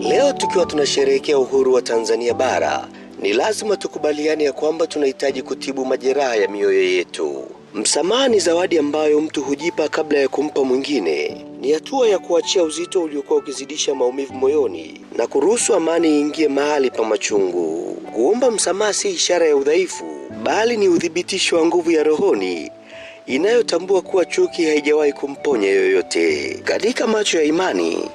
Leo tukiwa tunasherehekea uhuru wa Tanzania bara, ni lazima tukubaliane ya kwamba tunahitaji kutibu majeraha ya mioyo yetu. Msamaha ni zawadi ambayo mtu hujipa kabla ya kumpa mwingine. Ni hatua ya kuachia uzito uliokuwa ukizidisha maumivu moyoni na kuruhusu amani iingie mahali pa machungu. Kuomba msamaha si ishara ya udhaifu, bali ni uthibitisho wa nguvu ya rohoni inayotambua kuwa chuki haijawahi kumponya yoyote. Katika macho ya imani,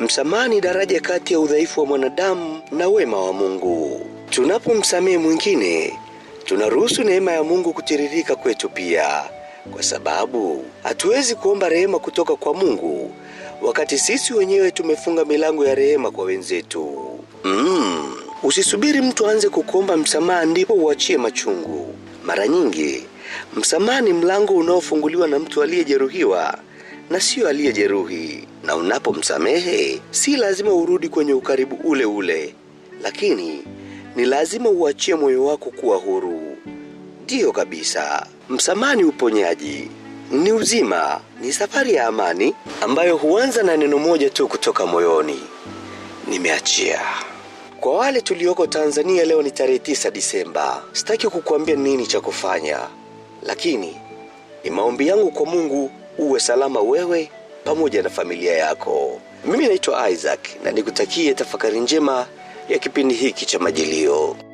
Msamani daraja kati ya udhaifu wa mwanadamu na wema wa Mungu. Tunapomsamehe mwingine, tunaruhusu neema ya Mungu kutiririka kwetu pia, kwa sababu hatuwezi kuomba rehema kutoka kwa Mungu wakati sisi wenyewe tumefunga milango ya rehema kwa wenzetu. Mm, usisubiri mtu aanze kukuomba msamaha ndipo uachie machungu. Mara nyingi msamaha ni mlango unaofunguliwa na mtu aliyejeruhiwa na siyo aliyejeruhi, na unapomsamehe si lazima urudi kwenye ukaribu ule ule, lakini ni lazima uachie moyo wako kuwa huru. Ndiyo kabisa, msamaha ni uponyaji, ni uzima, ni safari ya amani ambayo huanza na neno moja tu kutoka moyoni: nimeachia. Kwa wale tulioko Tanzania leo ni tarehe 9 Disemba. Sitaki kukuambia nini cha kufanya, lakini ni maombi yangu kwa Mungu uwe salama wewe pamoja na familia yako. Mimi naitwa Isaac na nikutakie tafakari njema ya kipindi hiki cha Majilio.